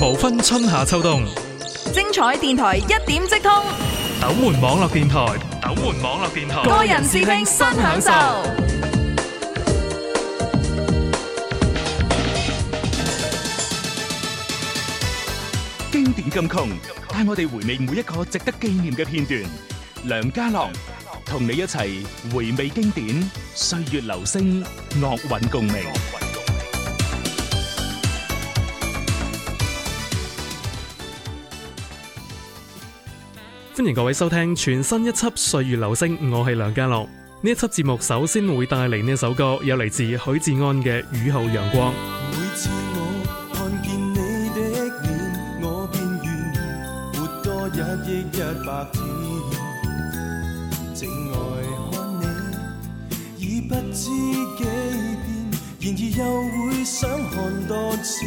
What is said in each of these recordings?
無分春夏秋冬，精彩電台一點即通，斗門網絡電台，斗門網絡電台，個人視聽，新享受，經典金曲，帶我哋回味每一個值得紀念嘅片段。梁家朗同你一齊回味經典，歲月留聲，樂韻共鳴。歡迎各位收聽全新一輯《歲月留聲》，我係梁家樂。呢一輯節目首先會帶嚟呢首歌，有嚟自許志安嘅《雨後陽光》。每次我看見你嘅面，我便願活多日億日白天。淨愛看你，已不知幾遍，然而又會想看多次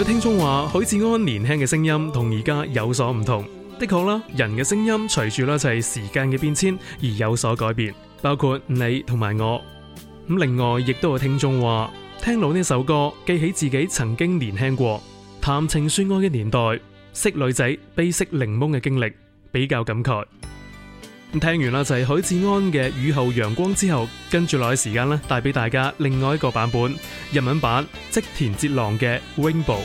有聽眾話許志安年輕嘅聲音同而家有所唔同，的確啦，人嘅聲音隨住啦就係時間嘅變遷而有所改變，包括你同埋我。咁另外亦都有聽眾話聽到呢首歌，記起自己曾經年輕過，談情說愛嘅年代，識女仔、被食檸檬嘅經歷，比較感慨。咁聽完啦就係許志安嘅雨後陽光之後，跟住落去時間呢，帶俾大家另外一個版本日文版，織田哲郎嘅《Wingball》。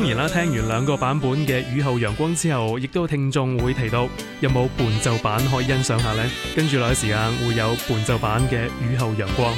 當然啦，聽完兩個版本嘅《雨後陽光》之後，亦都聽眾會提到有冇伴奏版可以欣賞下呢？跟住落嚟時間會有伴奏版嘅《雨後陽光》。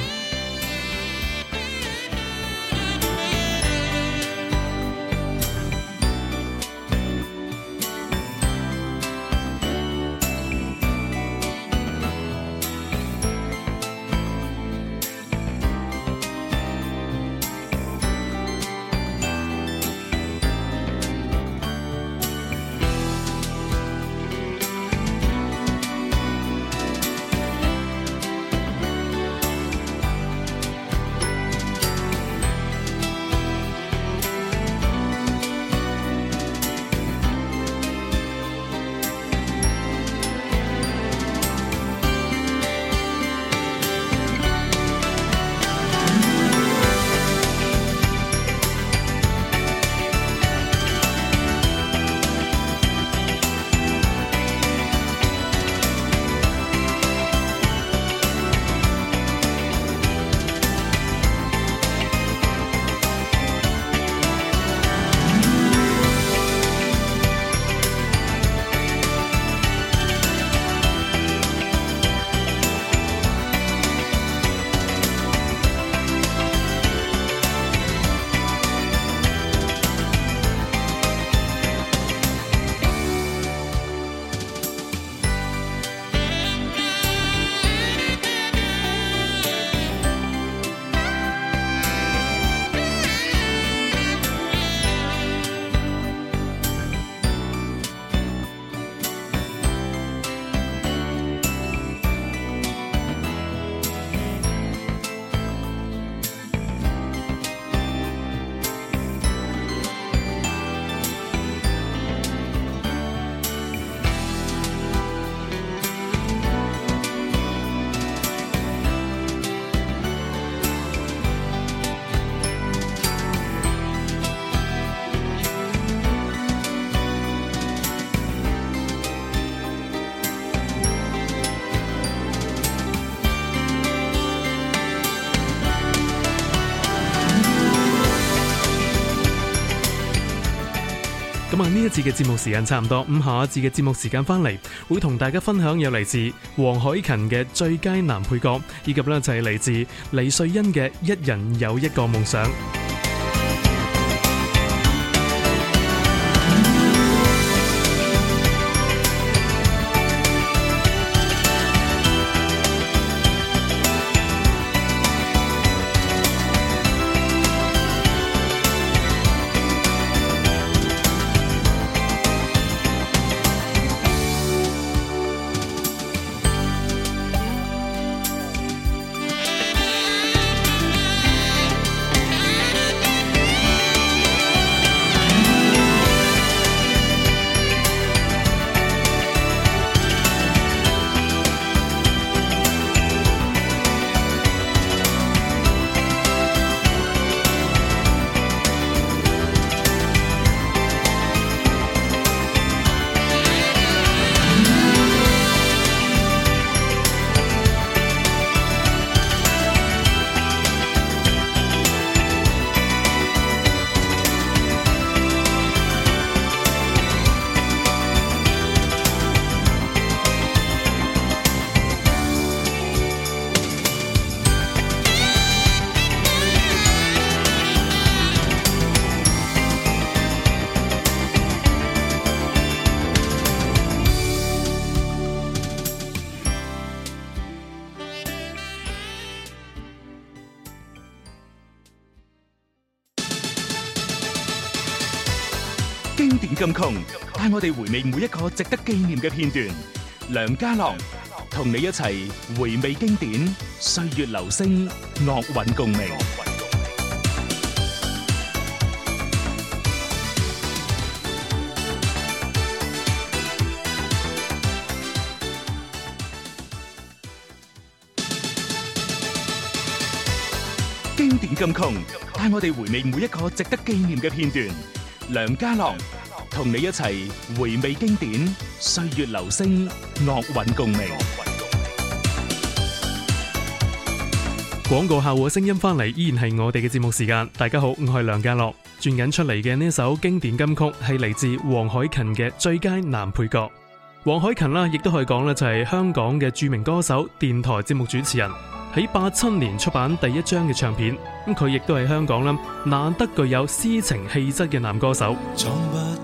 一次嘅節目時間差唔多，咁下一次嘅節目時間翻嚟，會同大家分享有嚟自黃凱芹嘅最佳男配角，以及呢就係嚟自黎瑞恩嘅一人有一個夢想。金曲，帶我哋回味每一個值得紀念嘅片段。梁家朗，同你一齊回味經典，歲月留聲，樂韻共鳴。共經典金曲，帶我哋回味每一個值得紀念嘅片段。梁家朗。同你一齊回味經典，歲月留聲，樂韻共鳴。廣告效果聲音翻嚟，依然係我哋嘅節目時間。大家好，我係梁家樂。轉緊出嚟嘅呢一首經典金曲，係嚟自黃凱芹嘅最佳男配角。黃凱芹啦，亦都可以講呢就係、是、香港嘅著名歌手、電台節目主持人。喺八七年出版第一張嘅唱片，咁佢亦都係香港啦，難得具有詩情氣質嘅男歌手。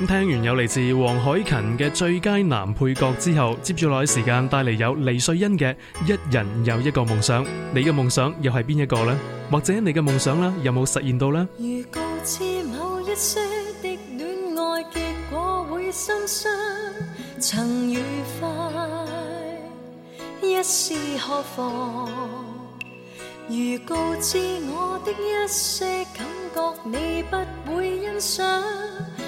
咁聽完有嚟自黃凱芹嘅最佳男配角之後，接住落時間帶嚟有黎瑞恩嘅一人有一個夢想，你嘅夢想又係邊一個呢？或者你嘅夢想呢，有冇實現到呢？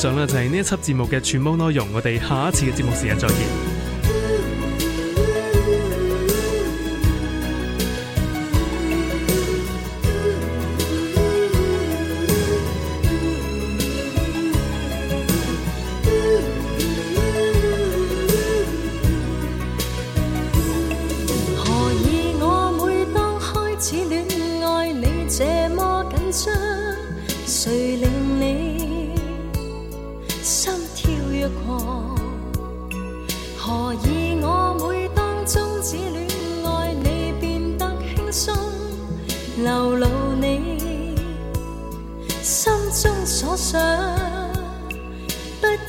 上啦，就係呢一輯節目嘅全部內容。我哋下一次嘅節目時間再見。